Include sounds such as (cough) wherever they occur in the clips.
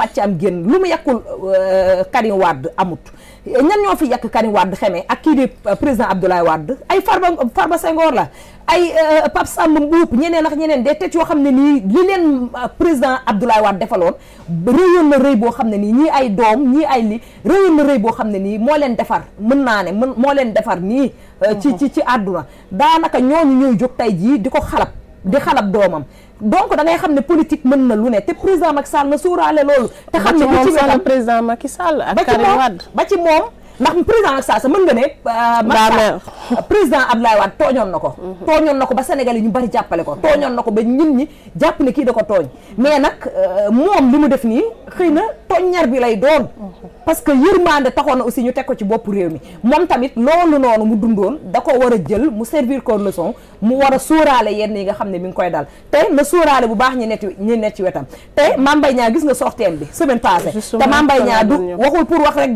fàccaam génn lu mu yàqul euh, Karim Wade amut ñan ñoo fi yàq Karim Wade xamee ak kii di euh, président Abdoulaye Wade ay Farba Farba Senghor la ay euh, Pape am Mboup ñeneen ak ñeneen des têtes yoo xam ne nii li leen président Abdoulaye Wade defaloon réyoon na rëy boo xam ne nii ñii ay doom ñii ay li réyoon na rëy boo xam ne nii moo leen defar mën naa ne mën moo leen defar nii ci ci ci àdduna daanaka ñooñu ñuy jóg tey jii di ko xalab di xalab doomam donc da ngay xam ne politique mën na lu ne te président Macky Sall na suuraale loolu. te xam ne moom président Macky Sall ak Karim Wade ba ci moom. ndax président Macky Sall sa mën nga ne. daa euh, (laughs) président Abdoulaye Wade tooñoon na ko. Mhm. tooñoon na ko ba Sénégal yi ñu bari jàppale ko. tooñoon na ko ba ñun ñi jàpp ne kii da ko tooñ. mais nag euh, moom li mu def nii xëy na. poññar bi lay doon parce que yërmande taxoon na aussi ñu teg ko ci bopp réew mi moom tamit loolu noonu mu dundoon da ko war a jël mu servir ko leçon mu war a sóoraale yenn yi nga xam ne mi ngi koy dal te na sóoraale bu baax ñi nekk ñi nekk ci wetam te Mame Mbaye Niang gis nga sorteem bi semaine passée te Mame Mbaye Niang du waxul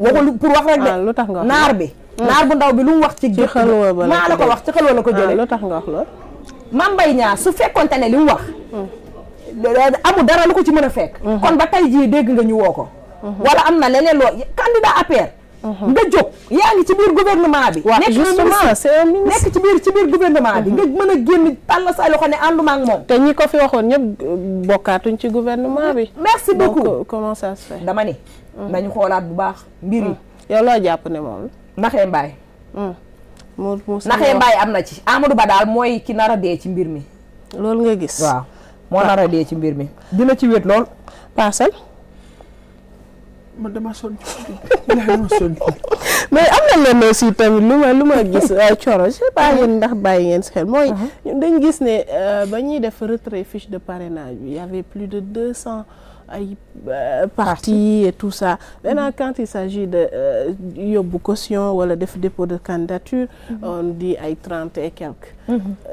mhm. ah, lu tax nga naar bi naar bu ndaw bi lu mu wax ci dëkk maa la ko wax ci xelwa la ko ah, jëlee lu tax nga wax lool Mame Mbaye su fekkonte ne li mu wax mm. amul dara lu ko ci mën a fekk mhm. kon ba tey jii dégg nga ñu woo ko mhm. wala am na leneen loo candidat APR mhm. nga jóg yaa ngi ci biir gouvernement bi nekk nekk ci biir ci biir gouvernement bi nga mën a génn tàll say loxo ne ànduma moom te ñi ko fi waxoon ñëpp bokkaatuñ ci gouvernement bi merci beaucoup euh, comment ça se dama ni nañu xoolaat bu baax mbir yi yow jàpp ne moom naxee mbaay naxee mbaay am na ci Amadou Ba daal mooy ki nara a dee ci mbir mi loolu nga gis moo nar a ci mbir mi dina ci wét lool parcelle man dama sonn (laughs) mais am na lenn aussi tamit lu ma lu ma gis euh, coro je sais mhm. ndax bàyyi ngeen si xel mooy mhm. dañ gis ne euh, ba ñuy def retrait fiche de parrainage bi y plus de deux cent ay euh, parti et tout ça maintenant mhm. quand il s'agit de yóbbu wala def dépôt de candidature on dit ay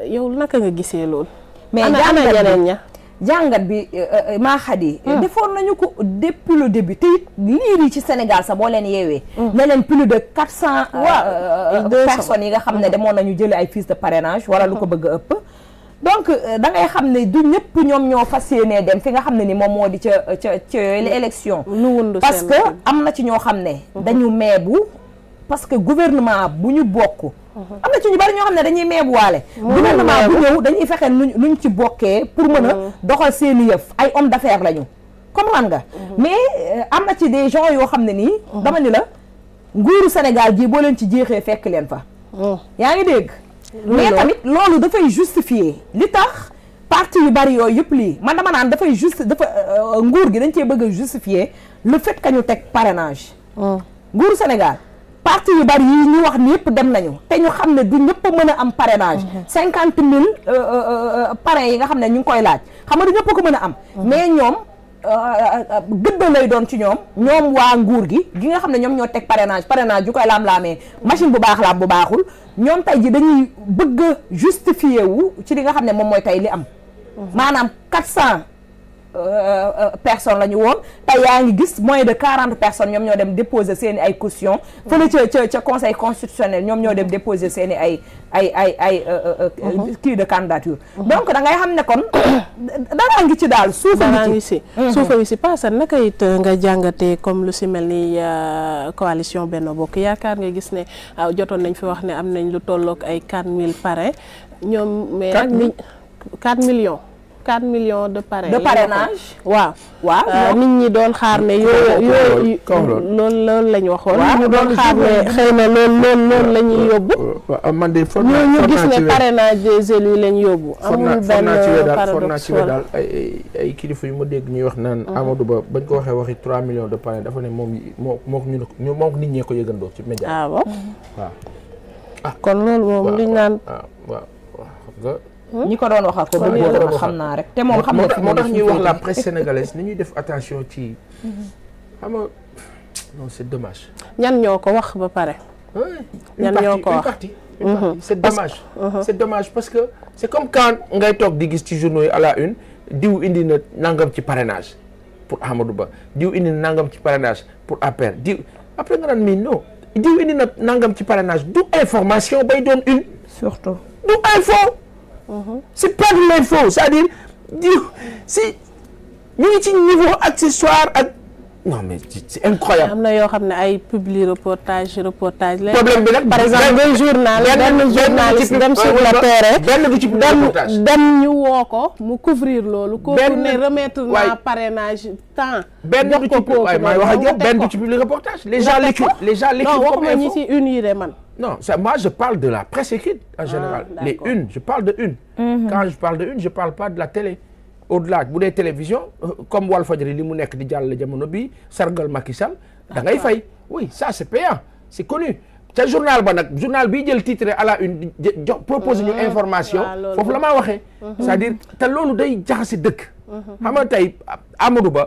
naka nga gisee lool mais jàngat ñeneen ña jàngat bi euh, euh, euh, maa xadi hmm. defoon nañu ko depuis le début te it liir yi ci Sénégal sax boo leen yeewee hmm. ne leen plus de quatre cent ah, personnes yi nga xam ne hmm. demoon nañu jële ay fiches de parrainage wala lu ko bëgg ëpp donc da ngay xam ne du ñëpp ñoom ñoo fas yéenee dem fi nga xam ne ni moom moo di ca ca ca élection parce que am na ci ñoo xam ne dañu meebu parce que gouvernement bu ñu bokk am na ci ñu bari ñoo xam ne dañuy meebuwaale gouvernement bu ñëw dañuy fexe nuñ ñu ci bokkee pour mën a mm. doxal seeni yëf ay homme d'affaires lañu comprendre nga mm-hmm. mais euh, am na ci des gens yoo xam ne nii mm. dama ni la nguuru Sénégal jii boo leen ci jeexee fekk leen fa mm. yaa ngi dégg mais tamit loolu dafay justifier li tax parti yu bari yooyu yëpp lii man dama naan dafay juste dafa euh, nguur gi dañ cee bëgg a justifier lu fait que ñu teg parrainage nguuru Sénégal parti yu bari yi ñu wax ni yëpp dem nañu te ñu xam ne du ñëpp a mën a am parrainage mm-hmm. cinquante mille euh, euh, euh, parrain yi nga xam ne ñu ngi koy laaj xam nga du ñëpp ko mën a am mm-hmm. mais ñoom gëdd lay doon ci ñoom ñoom waa nguur gi gi nga xam ne ñoom ñoo teg parrainage parrainage ju koy laam-laamee machine bu baax am bu baaxul ñoom tey ji dañuy bëgg a justifier wu ci li nga xam ne moom mooy tey li am mm-hmm. maanaam quatre cent Euh, euh, personnes la ñu woon tey yaa ngi gis moins de quarante personnes ñoom ñoo dem déposer seeni ay caution fële ca ca conseil constitutionnel ñoom ñoo dem déposer seen i ay ay ay ay euh, mhm. kii de candidature mhm. donc da ngay xam ne kon (coughs) daraa ngi ci daal suufa ngi si suufa ngi mhm. si paasa naka it nga jàngatee comme lu si mel ni coalition benn Bokk Yaakaar nga gis ne ah, jotoon nañ fi wax ne am nañ lu tollook ay quatre mille parrain ñoom mais nag 4 millions 4 millions de parrain de parrainage waaw waaw euh, nit ñi doon xaar ne yooyu yooyu loolu loolu la ñu waxoon ñu doon xaar ne xëy na loolu loolu loolu la yóbbu man de for ñu gis naa parrainage des élus la ñu yóbbu amul benn paradoxe for daal ay ay kilifa yu ma dégg ñuy wax naan mm-hmm. Amadou Ba bañ ko waxee waxi 3 millions de parrain dafa ne moo moo ñu moom nit ñee ko yëgandoo ci média ah mm-hmm. waaw kon loolu moom liñ naan ñu ko doon wax ak ko bëggoon xam naa rek te moom xam nga moo tax ñuy wax la presse sénégalaise ni ñuy def attention ci xam nga non c'est dommage ñan ñoo ko wax ba pare ñan ñoo ko wax mhm. mhm. c'est dommage c'est parce que c'est comme quand ngay toog di gis ci journaux yi à la une diw indi na nangam ci parrainage pour Amadou Ba diw indi na nangam ci parrainage pour APR diw après nga naan mii non diw indi na nangam ci parrainage du information bay doon une surtout du info Mm-hmm. c'est pas de l'info c'est-à-dire si ñu ngi ci niveau accessoire ak non mais c'est incroyable. am na yoo xam ne ay publi reportage reportage. problème bi nag par exemple benn journal dem sur le terrain dem ñu woo ko mu couvrir loolu. kooku ne remettre na parrainage temps. jox ko kooku benn du ci publi reportage. les gens l'écoutent les gens l'écoutent comme info non waxuma ñi ci une yi de man. Non, ça, moi je parle de la presse écrite en ah, général. Ah, les unes, parle de une. Mm -hmm. Quand je parle de une, je parle pas de la télé. au-delà bu dee télévision euh, comme Walfadjri li mu nekk di jàll jamono bi sargal Macky Sall da ngay fay oui ça c'est payant c'est connu ca journal ba nag journal bi jël titre à la une jox propose ñu ah, information foofu la maa waxe mhm. c'est-à-dire te loolu day jaxase dëkk mhm. xam nga tey Amadou Ba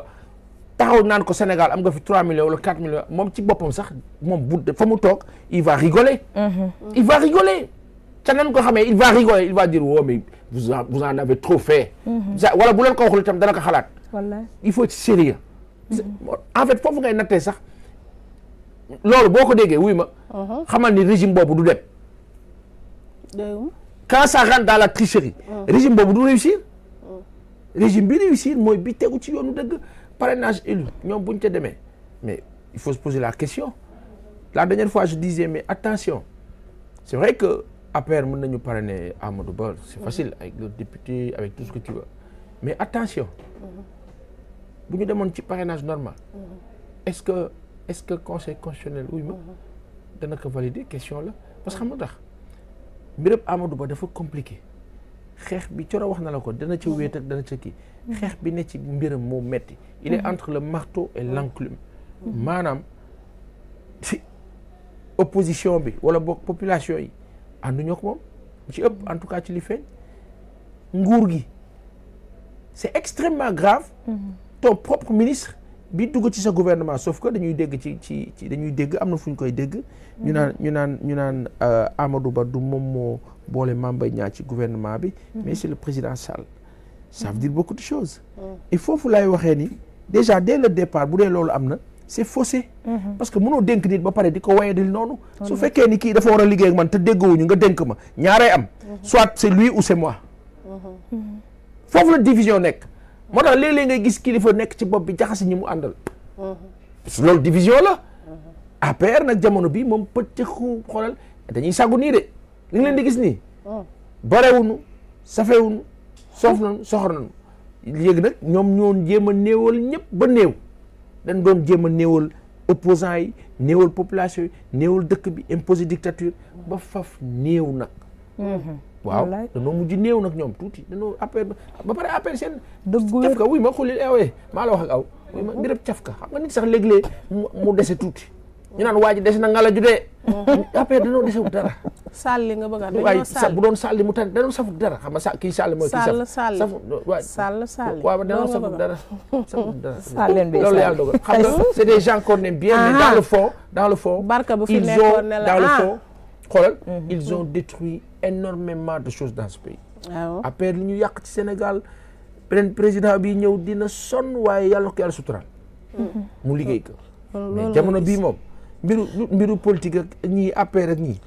taxaw naan ko Sénégal am nga fi 3 millions wala 4 millions moom ci boppam sax moom bu fa mu toog il va rigoler. Mhm. il va rigoler. ca nan ko xamee il va rigoler il va dire woo oh, mais vous en vous trop fait. Mhm. wala bu leen ko waxul itam dana ko xalaat. wallaay il faut être sérieux. Mhm. en fait foofu ngay sax loolu boo ko déggee wuy ma. xamal ni régime boobu du dem. quand ça rentre dans la tricherie. régime boobu du bi réussir mooy bi tegu ci yoonu dëgg. parrainage élu ñoom bu ñu ca demee mais il faut se poser la question la dernière fois je disais mais attention c'est vrai que APR mun nañu parrainer Amadou Ba c'est mhm. facile avec le député avec tout ce mais attention mhm. bu ñu demoon ci parrainage normal mhm. est-ce que est-ce que conseil constitutionnel wuy ma dana ko valider question la parce que xam nga tax mbirëb Amadou Ba dafa compliqué xeex bi coro wax na la ko dana ca wéet ak dana ca kii xeex bi ne ci mbiram moo metti il est entre la marteau et l'enclume maanaam si opposition bi wala boog population yi ànduñoo ko moom ci ëpp en tout cas ci li feeñ nguur gi c'est extrêmement grave mm-hmm. ton propre ministre bi dugg ci sa gouvernement sauf que dañuy dégg ci ci ci dañuy dégg am na fu ñu koy dégg. ñu mm-hmm. naan ñu naan ñu naan euh, Amadou Ba du moom moo boole Mame Mbaye Niang ci gouvernement bi. Mm-hmm. mais c'est le président Sall. ça veut mm-hmm. dire beaucoup de choses. Mm. et lay waxee ni déjà dès le départ bu dee loolu am na. c'est faussé. parce que mënoo dénk nit ba pare di ko wayadil noonu. su fekkee ni kii dafa war a liggéey ak man te ñu nga dénk ma ñaaree am. soit c'est lui ou c'est moi. foofu la division nekk. moo tax léeg-léeg ngay gis kilifa nekk ci bopp bi jaxasi ñi mu àndal. loolu division la. APR nag jamono bi moom pëcc xu xoolal dañuy sàggu nii de li ngi leen di gis nii. barewunu safewunu soof nañu soxor nañu léegi nag ñoom ñoon jéem a néewal ñëpp ba néew dañ doon jéem a néewal opposants yi néewal population yi néewal dëkk bi imposé dictature ba faf néew nag mhm. waaw da danoo mujj néew nag ñoom tuuti danoo affaire ba pare affaire seen. dëgg caf ka wuy ma xulil awee eh, maa la wax aw. wuy ma mm-hmm. mbirab caf ka xam nga nit sax léeg-léeg mu dese tuuti. ñu naan waa ji des na nga la judee. Mm-hmm. affaire (laughs) danoo desewut dara. sàlli nga ba a dañoo sàlli bu doon sàlli mu tànn danoo safut dara xam nga sa kii sàlli mooy. kii saf safu waaw sàll sàlli. waaw danoo safut dara safut (laughs) dara. sàlleen bi loolu yàlla dogal xam nga (laughs) c'est des gens qu'on aime bien. mais dans le fond dans le fond. barka bu fi nekkoon ne la ils xoolal mhm. ils ont détruit énormément de choses dans ce pays ah après li ñu yàq ci Sénégal beneen président bi ñëw dina sonn waaye yàlla ko yàlla suturaal mhm. mu liggéey ko jamono bii moom mbiru mbiru politique ak ñii APR ak ñii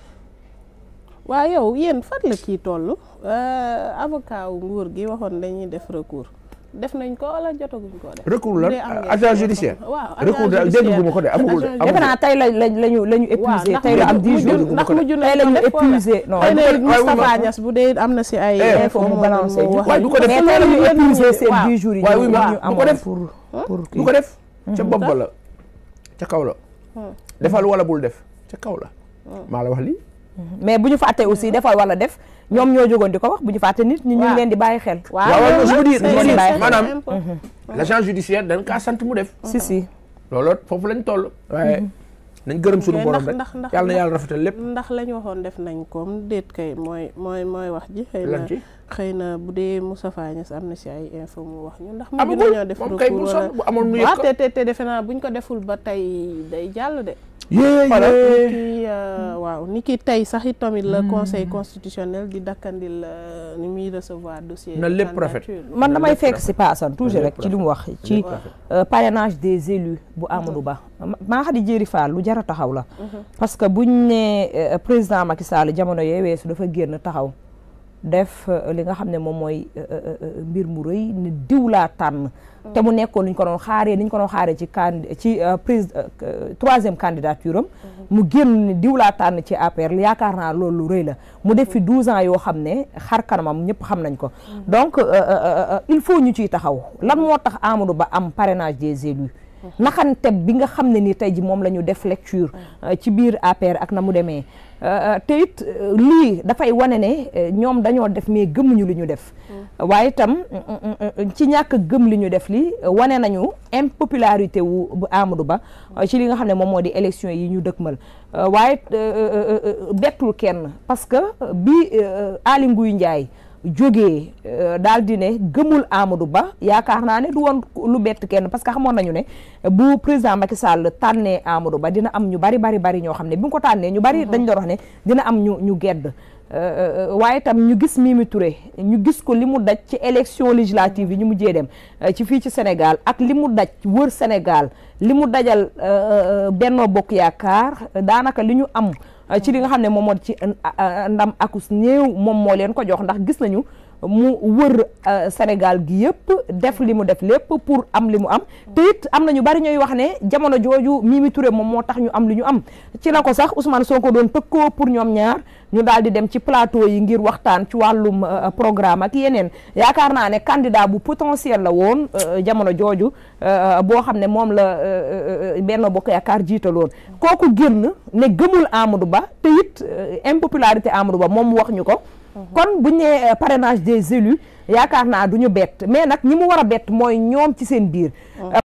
waaw yow yéen fan la ciy toll euh, avocat wu nguur gi waxoon dañuy def recours def nañ ko wala jotaguñ ko def. recours lan agent judiciaire. waaw recours ko de amagul de. tey lañ lañu lañu épuisé. tey la am 10 jours ndax mujj na tey lañu épuisé. am na si ay. Eh, info mu balancé du ko def mais tey lañu épuisé seen 10 ko def. Mhm. ca bopp la ca kaw la. defal wala bul def ca kaw la. maa la wax lii. Mhm. mais bu ñu fàttee aussi defal wala def ñoom ñoo jógoon di ko wax bu ñu fàtte nit ñi ñu ngi leen di bàyyi xel. waaw je veux dire je veux dire maanaam mhm. l'agent judiciaire dañ kaa sant mu def. si si looloo foofu lañ toll. waaye mhm. nañ gërëm suñu borom rek yàlla na yàlla rafetal lépp. ndax lañ waxoon def nañ koom déet kay mooy mooy wax ji. xëy na xëy na bu dee mu Moussa Fagnès am na si ay info mu wax ñu ndax. amagul moom kay bu soxla bu amoon mu yëg ko te te defe naa buñ ko deful ba tey day jàll de yéen euh, waaw ni ki tey sax it tamit la hmm. conseil constitutionnel dakkandil euh, ni muy recevoir dossier. na lépp rafet man damay fekk si paasan toujours rek ci lu mu wax. ci euh, parrainage des élus bu hmm. Amadou Ba. maa xam ne Jéeri Fall lu jar a taxaw la. Hmm. parce que buñ ne président Macky Sall jamono yee weesu dafa génn taxaw. def euh, li nga xam ne moom mooy euh, euh, mbir mu rëy ne diw laa tànn. Mm. te mu nekkoon ni ñu ko doon xaaree ni ko doon xaaree ci can ci prise troisième candidature am. Mm-hmm. mu génn ne diw laa tànn ci APR yaakaar naa loolu lu rëy la mu def fi 12 mm-hmm. ans yoo xam ne xar kanamam ñëpp xam nañ ko. Mm-hmm. donc il faut ñu ciy taxaw lan moo tax Amadou Ba am parrainage des élus. naxante bi nga xam ne ni tey ji moom la def lecture euh, ci biir APR ak na mu demee euh, euh, te it lii dafay wane ne ñoom dañoo def mais gëmuñu li ñu def mm. waaye itam mm, mm, ci ñàkk gëm li ñu def li wane nañu impopularité wu bu Amadou Ba ci li nga xam ne moom moo di élection yi ñu dëkkmal waaye bettul kenn parce que bi Aly Ngouille Ndiaye jógee euh, daal di ne gëmul Amadou Ba yaakaar naa ne du woon lu bett kenn parce que xamoon nañu ne bu président Macky Sall tànnee Amadou Ba dina am ñu bari bari bari ñoo xam ne bi mu ko tànnee ñu bari mhm. dañ doon wax ne dina am ñu ñu gedd euh, euh, waaye tam ñu gis Mimi Touré ñu gis ko li mu daj ci élection législative yi ñu mujjee dem ci fii ci Sénégal ak li mu daj wër Sénégal li mu dajal Benno Bokk Yaakaar daanaka li ñu am ci li nga xam ne moom moo ci euh, euh, ndam akus néew moom moo leen ko jox ndax gis nañu mu wër euh, Sénégal gi yëpp def li mu def lépp pour am li mu am te am na ñu bari ñooy wax ne jamono jooju mi Touré moom moo tax ñu am li ñu am ci la ko sax Ousmane Sonko doon tëkkoo pour ñoom ñaar ñu daal di dem ci plateau yi ngir waxtaan ci wàllum euh, programme ak yeneen yaakaar naa ne candidat bu potentiel la woon euh, jamono jooju boo xam ne moom la Benno Bokk Yaakaar jiitaloon kooku génn ne gëmul Amadou Ba te it impopularité Amadou Ba moom wax ñu ko Mhm. kon bu ñu nee euh, parrainage des élus yaakaar naa du ñu bett mais nag ñi mu war a bett mooy ñoom ci seen biir. Oh. Euh,